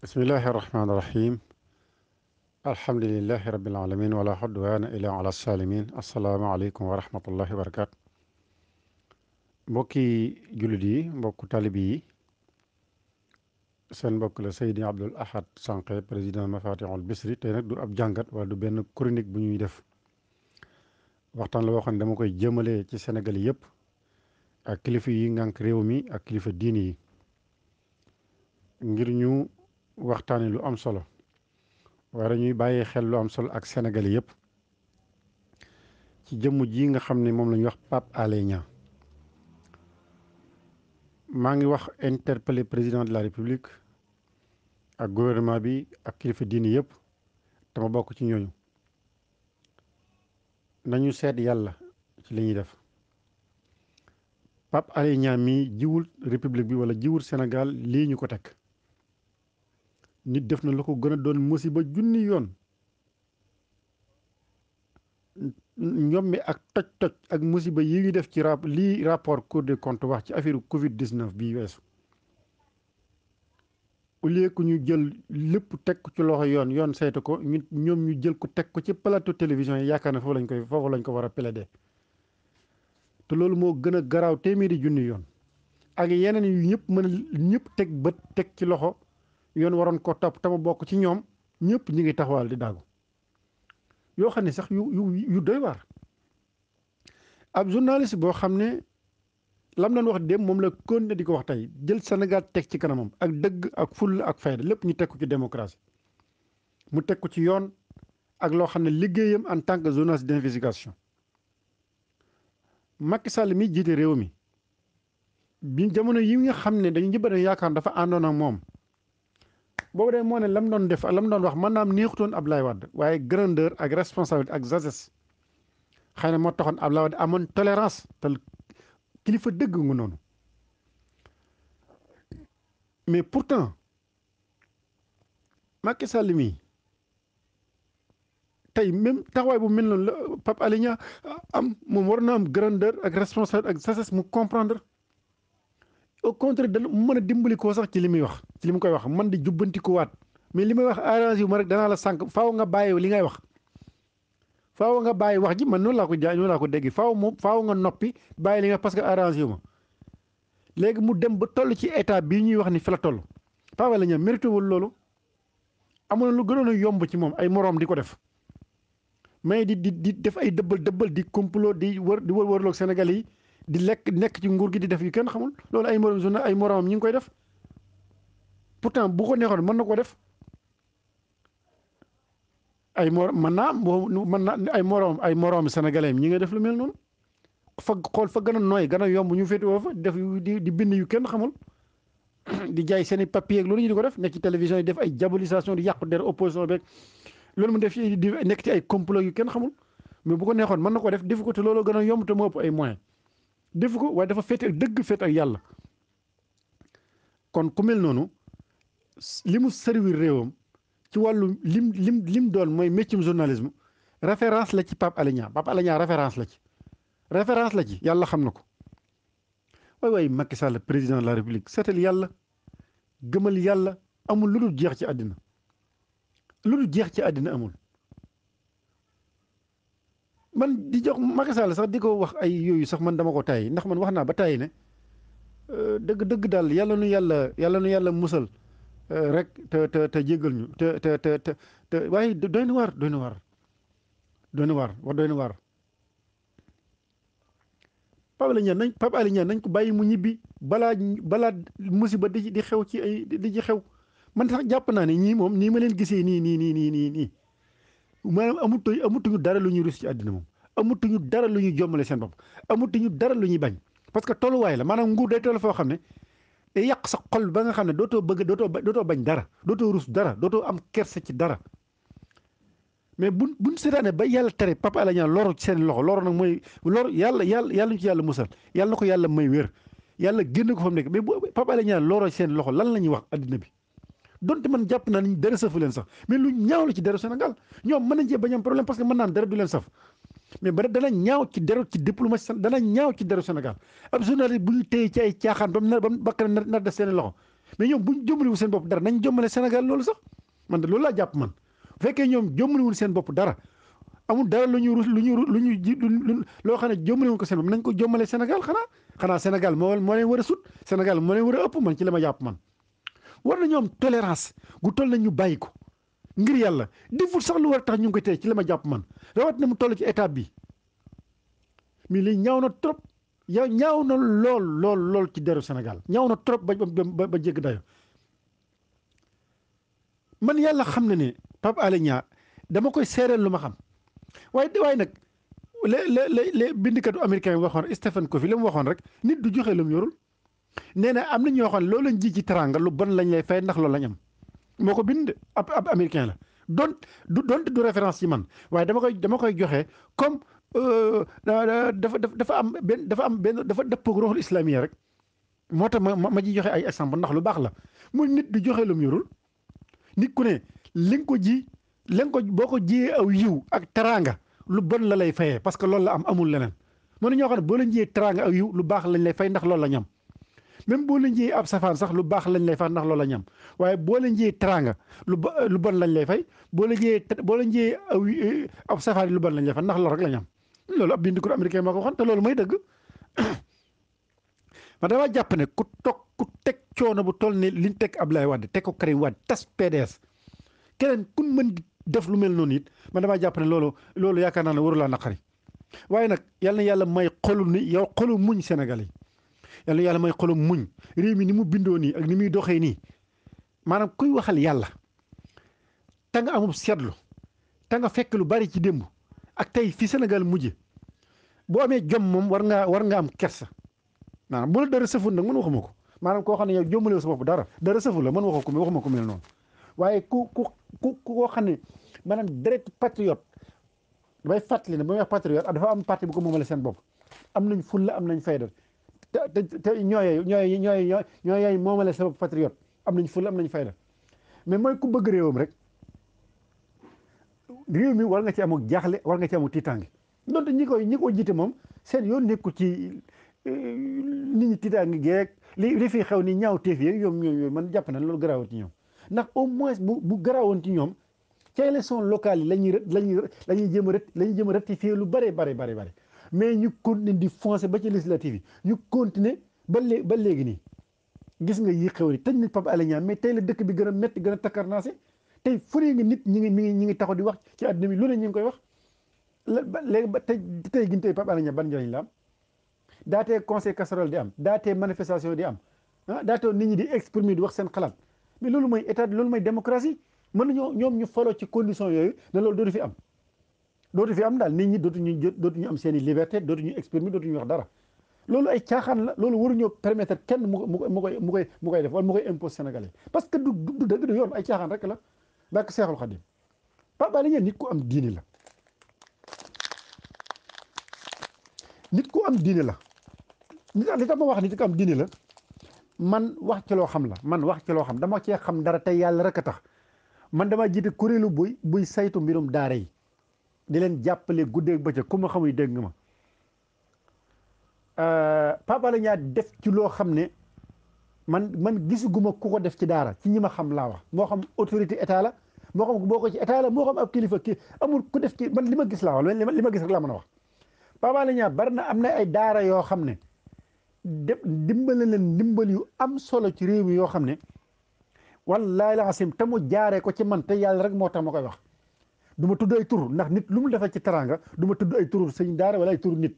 بسم الله الرحمن الرحيم الحمد لله رب العالمين ولا حدوان الى على السالمين السلام عليكم ورحمة الله وبركاته بوكي جلدي بوكو طالبي سن بوكو سيدي عبد الأحد سانقي بريزيدان مفاتيع البسري تينك دو أب جانجات ودو بين كورينيك بنيو يدف وقتان لوقان دموكو جملي تي سنغال يب أكلفي ينغان كريومي أكلفي ديني ngir ñu waxtaane lu am solo war ñuy bàyyi xel lu am solo ak Sénégal yépp ci jëm ji nga xam mom lañ la wax pap Alé ma ngi wax interpeller président de la république ak gouvernement bi ak kilifa diini yépp dama bokk ci ñooñu nañu sét yalla ci li def pap mi jiwul république bi wala jiwul Sénégal lii ñu ko tek nit def na la ko gën a doon musiba junni yoon ñoom mi ak toj-toj ak musiba yi ngi def ci rap lii rapport Cour de comptes wax ci affaire Covid 19 bii weesu au lieu que ñu jël lépp teg ko ci loxo yoon yoon saytu ko ñoom ñu jël ko teg ko ci palaatu télévision yi yaakaar na foofu lañ koy foofu lañ ko war a plaider te loolu moo gën a garaaw téeméeri junni yoon ak yeneen yu ñëpp mën a ñëpp teg bët teg ci loxo. yoon waroon ko topp tama bokk ci ñoom ñëpp ñi ngi taxawal di daagu yoo xam ne sax yu yu yu doy waar ab journaliste boo xam ne lam doon wax dém moom la kon di ko wax tey jël senegal teg ci kanamam ak dëgg ak full ak fayda lépp ñu teg ci démocratie mu teg ko ci yoon ak loo xam ne liggéeyam en tant que journaliste d'investigation Macky Sall mi jiite réew mi bi jamono yi nga xam ne dañu jëbëre yaakaar dafa àndoon ak moom boobu day moo ne lam doon def lam doon wax mën naam neexutoon ablaye wadd waaye grandeur ak responsabilité ak sagesse xëy na moo taxoon ablaye wadd amoon tolérance te kilifa dëgg nga noonu mais pourtant Macky Sall mii tey même taxawaay bu mel noonu la Pape Alé am moom war na am grandeur ak responsabilité ak sagesse mu comprendre au contraire dana mën a dimbali koo sax ci li muy wax ci li mu koy wax man di jubbanti ko waat mais li may wax arrangé wu ma rek danaa la sànq faaw nga bàyyi li ngay wax faaw nga bàyyi wax ji man noonu laa ko jaa laa ko dégg faaw mu faaw nga noppi bàyyi li nga parce que arrangé ma léegi mu dem ba toll ci état bii ñuy wax ni fi la toll Pape Alé Niang mérité loolu loolu amoon lu gënoon yomb ci moom ay moroom di ko def mais di di di def ay dëbbal dëbbal di complot di wër di wër wërloog Sénégal yi di lekk nekk ci nguur gi di def yu kenn xamul loolu ay morom journal ay moromam ñi ngi koy def pourtant bu ko neexoon mën na ko def ay mor mën naa mën na ay morom ay morom sénégalais ñi ngay def lu mel noonu fa xool fa gën a nooy gën a yomb ñu féete woo def di di bind yu kenn xamul di jaay seen i papier ak loolu ñu di ko def nekk ci télévision yi def ay jabolisation di yàqu der opposition beeg loolu mu def di nekk ci ay complot yu kenn xamul mais bu ko neexoon mën na ko def def ko te loolu gën a yomb te moo ëpp ay moyens def ko waaye dafa féete ak dëgg féete ak yàlla kon ku mel noonu li mu servir réewam ci wàllu lim lim lim doon mooy métium journalisme référence la ci Pape Alé Niang Pape Alé référence la ci référence la ci yàlla xam na ko waay waay Macky Sall président de la république seetal yàlla gëmal yàlla amul lu dul jeex ci àddina lu dul jeex ci àddina amul man di jox Macky Sall sax di ko wax ay yooyu sax man dama ko tàyyi ndax man wax naa ba tàyyi ne euh, dëgg dëgg daal yàlla nu yàlla yàlla nu yàlla musal euh, rek te te te jéggal ñu te te te te waaye doy na waar doy na waar doy na waar wax doy na waar Pape Alé nañ Pape Alé Niang nañ ko bàyyi mu ñibbi balaa balaa musiba di di xew ci ay di di xew man sax jàpp naa ne ñii moom nii ma leen gisee nii nii nii nii nii nii maanaam amutuñu amutuñu dara lu ñu rus ci àddina moom amatuñu dara lu ñu jommale seen bopp amatuñu dara lu ñuy bañ parce que tolluwaay la maanaam nguur day toll foo xam ne day yàq sa xol ba nga xam ne dootoo bëgg dootoo dootoo bañ dara dootoo rus dara dootoo am kerse ci dara mais buñ buñ seetaane ba yàlla tere papa la ñaan loru seen loxo loru nag mooy loru yàlla yàlla yàlla ñu ci yàlla musal ko yàlla may wér yàlla génn ko fa mu nekk mais bu seen loxo lan la ñuy wax addina bi donte man jàpp naa ne dara safu leen sax mais lu ñaaw la ci dara Sénégal ñoom mën nañ cee bañ am problème parce que mën naa dara du leen mais ba dana ñaaw ci deru ci diplomatie dana a ci deru Sénégal ab journaliste bu ñu téye ci ay caaxaan ba mu nar ba mu bakk nar na seen loxo mais ñoom bu ñu jëmbaliwul seen bopp dara nañ jëmbale Sénégal loolu sax man de loolu laa jàpp man bu fekkee ñoom jëmbaliwul seen bopp dara amul dara lu ñu lu ñu lu ñu ji loo xam ne wu ko seen bopp nañ ko jëmbale Sénégal xanaa xanaa Sénégal moo moo leen war a sut Sénégal moo leen war a ëpp man ci la ma jàpp man war na ñoom tolérance gu toll nañ ñu bàyyi ko ngir yàlla deful sax lu war tax ñu ngi koy tey ci li ma jàpp man rawat na mu toll ci état bi mais lii ñaaw na trop ya. ñaaw na lool lool lool ci deru Sénégal ñaaw na trop ba ba ba jégg dayo man yàlla xam na ne Pape Alé Niang dama koy seereel lu ma xam waaye waaye nag le le le le bindikatu américain bi waxoon Stephen Covey li mu rek nit du joxe lu mu yorul nee na ñoo xam ne lañ ji ci teranga lu bon lañ lay fay ndax loolu lañ am moo ko bind ab ab américain la don du donte du référence ci man waaye dama koy dama koy joxe comme euh, dafa dafa am benn dafa am benn dafa dëppoo ak roxul islamiya rek moo tax ma ma ji joxe ay exemple ndax lu baax la muy nit du joxee lu mu nit ku ne li nga ko ji li nga ko boo ko jiyee aw yiw ak teraanga lu bon la lay fayee parce que loolu la am amul leneen mën na ñoo xam ne boo la jiyee teraanga aw yiw lu baax lañ lay fay ndax loolu la ñam même boo leen jiyee ab safaan sax lu baax lañ lay fa ndax loola ñam waaye boo leen jiyee teraanga lu ba lu bon lañ lay fay boo leen jiyee boo leen jiyee ab safaan lu bon lañ lay fay ndax loolu rek la ñam loolu ab bindikuru américain moo te loolu mooy dëgg ma jàpp ne ku toog ku teg bu toll ni liñ teg Abdoulaye Wade teg ko Karim Wade tas PDS keneen kun mën di def lu mel noonu it ma dama jàpp ne loolu loolu yaakaar naa ne waru laa naqari waaye nag yal na yàlla may xolu ni yow xolu muñ senegal yi yàlla yàlla may xolam muñ réew mi ni mu bindoo nii ak ni muy doxee nii maanaam kuy waxal yàlla te nga amub seetlu te nga fekk lu bari ci démb ak tey fi senegal mujje boo amee jom moom war nga war nga am kersa maanaam bu la dara sëful nag man waxuma ko maanaam koo xam ne yow jommalewoo sa bopp dara dara sëful la man waxu ko waxuma ko mel noonu waaye ku ku ku koo xam ne maanaam direct patriote damay fàttali ne ba may wax patriote dafa am parti bu ko moomale seen bopp am nañ fulla am nañ fayda te te ñooyee ñooy ñooy ñooy moomale sa patriote am nañ ful am nañ fayda mais mooy ku bëgg réewam rek réew mi war nga ci am jaaxle war nga ci am ak tiitaange donte ñi koy ñi ko jiite moom seen yoon nekku ci eh, nit ñi tiitaange geeg li li fi xew ni ñaaw teef yeeg ñoom ñooy man jàpp na loolu garaawoon ci ñoom ndax au moins bu bu garaawoon ci ñoom ca son locale yi la ñuy la ñuy la ñuy jëm a la ñuy jëm a rectifier lu bare bare bare bare mais ñu continuer di foncer ba ci législative yi ñu continuer ba léegi ba léegi nii gis nga yi xew ni tëj nañ Pape Alé mais tey la dëkk bi gën a métti gën a takkarnaase tey furee nga nit ñi ngi mi ngi ñi ngi taxaw di wax ci àdduna bi lu ne ñu ngi koy wax la ba léegi ba tey tey gin tey Pape Alé Niang ban la am daatee conseil casserole di am daate manifestation di am ah daatoo nit ñi di exprimer di wax seen xalaat mais loolu mooy état loolu mooy démocratie mën nañoo ñoom ñu faloo ci condition yooyu na loolu dootu fi am dootu fi am daal nit ñi dootuñu dootuñu am seen i liberté dootuñu exprimer ñu wax dara loolu ay caaxaan la loolu waruñoo permettre kenn mu mu mu koy mu koy mu koy def wala mu koy impose sénégalais parce que du du dëgg du yoon ay caaxaan rek la bak seexul xadim Pape Alé Niang nit ku am diini la nit ku am diini la li tax li tax ma wax nit ku am diini la man wax ci loo xam la man wax ci loo xam dama cee xam dara tey yàlla rek a tax man dama jiite kuréelu buy buy saytu mbirum daara yi di leen jàppale guddeeg bëccëg ku ma xamuy dégg nga ma Papa la ñaa def ci loo xam ne man man gisuguma ku ko def ci daara ci ñi ma xam laa wax moo xam autorité état la moo xam boo ko ci état moo xam ab kilifa ki amul ku def ci man li ma gis laa wax li ma gis rek laa mën a wax Papa ñaa bari na am na ay daara yoo xam ne de dimbale leen dimbal am solo ci réew mi yoo xam ne wallaahi la asim te mu jaaree ko ci man te yàlla rek moo tax ma koy wax du ma tudd ay tur ndax nit lu mu defee ci teraanga du ma tudd ay turu sëñ daara wala ay nit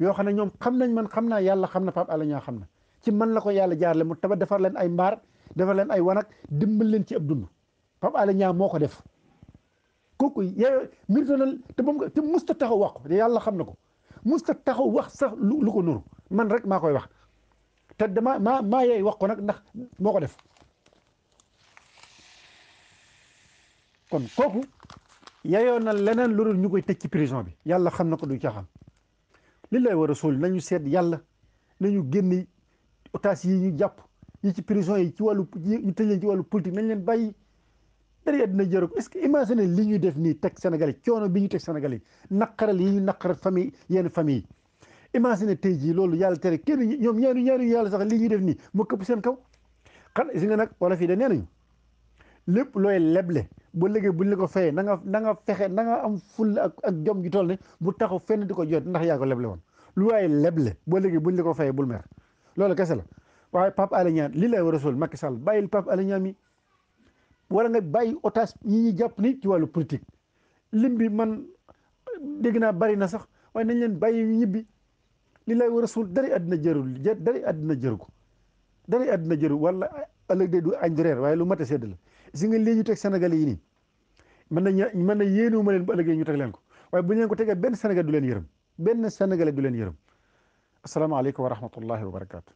yoo xam ne ñoom xam nañ man xam naa yàlla xam na Pape Alé ñaa xam na ci man la ko yàlla jaarale mu taba defar leen ay mbaar defar leen ay wanag dimbal leen ci ab dund Pape Alé ñaa moo ko def kooku yee mérite na te moom te musta taxaw wax ko yàlla xam na ko musta taxaw wax sax lu lu ko nuru man rek maa koy wax te dama maa maa yeey wax ko nag ndax moo ko def kon kooku yayoo na leneen lu dul ñu koy tëj ci prison bi yàlla xam na ko du caaxaan lillahi wa rasul nañu seet yàlla nañu génn otaas yi ñu jàpp yi ci prison yi ci wàllu ñu tëj ci wàllu politique nañ leen bàyyi dara dina jëru ko ce que imagine li ñu def nii teg Sénégal yi coono bi ñu teg Sénégal yi naqaral yi ñu naqaral famille yenn famille yi imagine tey jii loolu yàlla tere kenn ñoom ñaanu ñaanu yàlla sax li ñuy def nii mu këpp seen kaw xan si nga nag wala fii da nee nañu lépp looy leble ba léegi bu la ko fayee nanga nga na nga fexe na am fulla ak ak jom ju toll ne bu taxaw fenn di ko jot ndax yaa ko leble woon lu waaye leble ba léegi bu la ko fayee bul meer loolu kese la waaye pap Alé Niang lii lay war a sol Macky Sall bàyyil Pape Alé mi war nga bàyyi otage ñi ñuy ci wàllu politique lim bi man dégg naa bari na sax waaye nañ leen bàyyi ñibbi li lay war a suul dari àddina jërul dari àddina jëru ko dari àddina jëru wala ëllëg de du añ reer waaye lu mat a sedd la si nga lii ñu teg Sénégalais yi nii mën nañ mën na yéenu ma leen bu ëllëgee ñu teg leen ko waaye bu ñu ko tegee benn Sénégal du leen yërëm benn Sénégalais du leen yërëm asalaamaaleykum wa rahmatullahi wa barakaatu